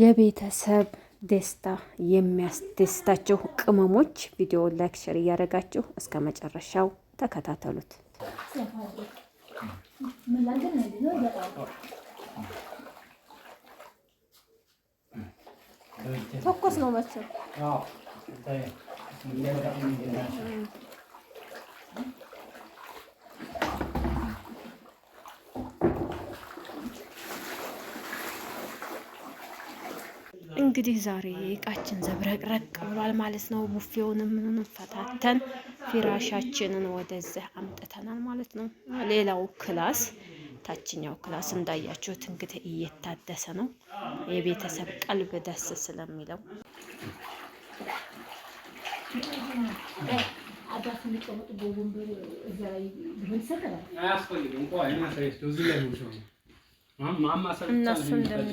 የቤተሰብ ደስታ የሚያስደስታቸው ቅመሞች ቪዲዮ ላይክ፣ ሸር እያደረጋችሁ እስከ መጨረሻው ተከታተሉት። ትኩስ ነው መቼም እንግዲህ ዛሬ እቃችን ዘብረቅረቅ ብሏል ማለት ነው። ቡፌውንም ፈታተን ፊራሻችንን ወደዚህ አምጥተናል ማለት ነው። ሌላው ክላስ ታችኛው ክላስ እንዳያችሁት እንግዲህ እየታደሰ ነው። የቤተሰብ ቀልብ ደስ ስለሚለው እነሱ እንደሚ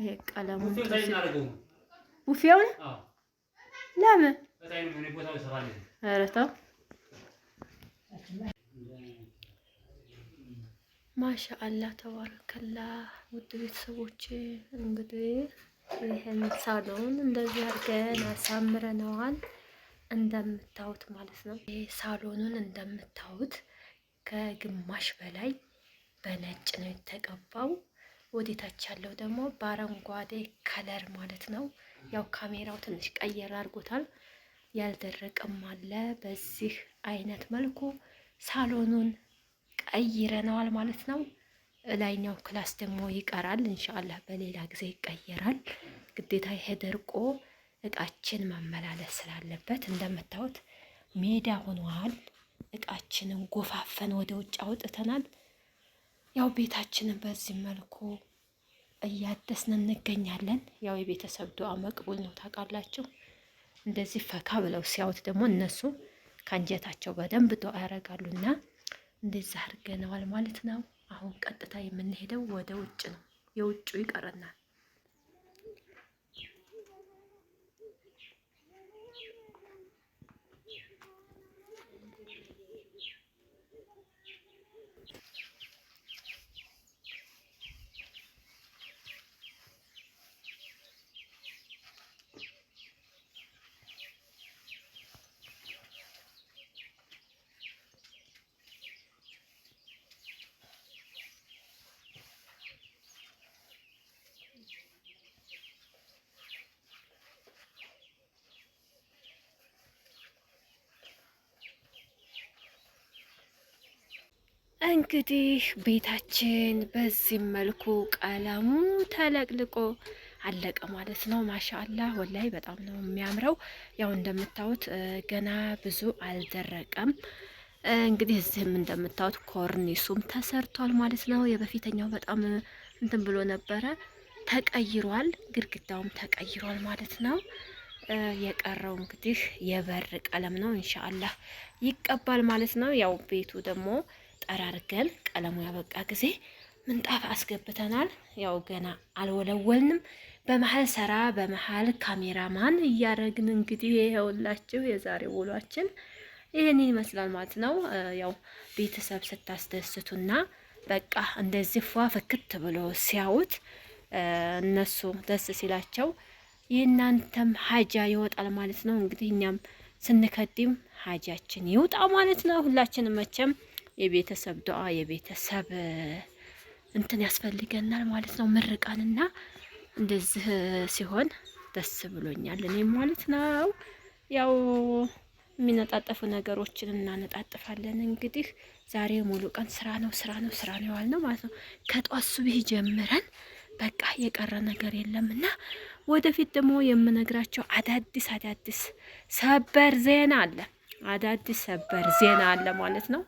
ይሄ ቀለሙ ቡፌውን ለምን ኧረ ተው ማሻአላህ ተባረከላህ። ውድ ቤተሰቦች እንግዲህ ይህን ሳሎን እንደዚህ አድርገን አሳምረነዋል እንደምታዩት ማለት ነው። ይህ ሳሎኑን እንደምታዩት ከግማሽ በላይ በነጭ ነው የተቀባው። ወዴታች ያለው ደግሞ በአረንጓዴ ከለር ማለት ነው። ያው ካሜራው ትንሽ ቀየር አድርጎታል። ያልደረቀም አለ። በዚህ አይነት መልኩ ሳሎኑን ቀይረነዋል ማለት ነው። ላይኛው ክላስ ደግሞ ይቀራል። እንሻአላህ በሌላ ጊዜ ይቀየራል። ግዴታ ይሄ ደርቆ እቃችን መመላለስ ስላለበት እንደምታዩት ሜዳ ሆኗል። እቃችንን ጎፋፈን ወደ ውጭ አውጥተናል። ያው ቤታችንን በዚህ መልኩ እያደስን እንገኛለን። ያው የቤተሰብ ዱዓ መቅቡል ነው ታውቃላችሁ። እንደዚህ ፈካ ብለው ሲያዩት ደግሞ እነሱ ከአንጀታቸው በደንብ ዱዓ ያደርጋሉና እንደዚህ አድርገነዋል ማለት ነው። አሁን ቀጥታ የምንሄደው ወደ ውጭ ነው። የውጭው ይቀረናል። እንግዲህ ቤታችን በዚህ መልኩ ቀለሙ ተለቅልቆ አለቀ ማለት ነው። ማሻአላህ ወላይ በጣም ነው የሚያምረው። ያው እንደምታዩት ገና ብዙ አልደረቀም። እንግዲህ እዚህም እንደምታዩት ኮርኒሱም ተሰርቷል ማለት ነው። የበፊተኛው በጣም እንትን ብሎ ነበረ፣ ተቀይሯል። ግድግዳውም ተቀይሯል ማለት ነው። የቀረው እንግዲህ የበር ቀለም ነው። ኢንሻአላህ ይቀባል ማለት ነው። ያው ቤቱ ደግሞ ጠራርገን ቀለሙ ያበቃ ጊዜ ምንጣፍ አስገብተናል። ያው ገና አልወለወልንም። በመሀል ሰራ በመሀል ካሜራማን እያደረግን እንግዲህ ይኸውላችሁ የዛሬ ውሏችን ይህን ይመስላል ማለት ነው። ያው ቤተሰብ ስታስደስቱና በቃ እንደዚህ ፏ ፍክት ብሎ ሲያዩት እነሱ ደስ ሲላቸው የእናንተም ሀጃ ይወጣል ማለት ነው። እንግዲህ እኛም ስንከድም ሀጃችን ይውጣ ማለት ነው። ሁላችንም መቼም የቤተሰብ ዱዓ የቤተሰብ እንትን ያስፈልገናል ማለት ነው። ምርቃንና እንደዚህ ሲሆን ደስ ብሎኛል እኔ ማለት ነው። ያው የሚነጣጠፉ ነገሮችን እናነጣጥፋለን። እንግዲህ ዛሬ ሙሉ ቀን ስራ ነው ስራ ነው ስራ ነው ነው ማለት ነው። ከጧት ሱብህ ጀምረን በቃ የቀረ ነገር የለም እና ወደፊት ደግሞ የምነግራቸው አዳዲስ አዳዲስ ሰበር ዜና አለ አዳዲስ ሰበር ዜና አለ ማለት ነው።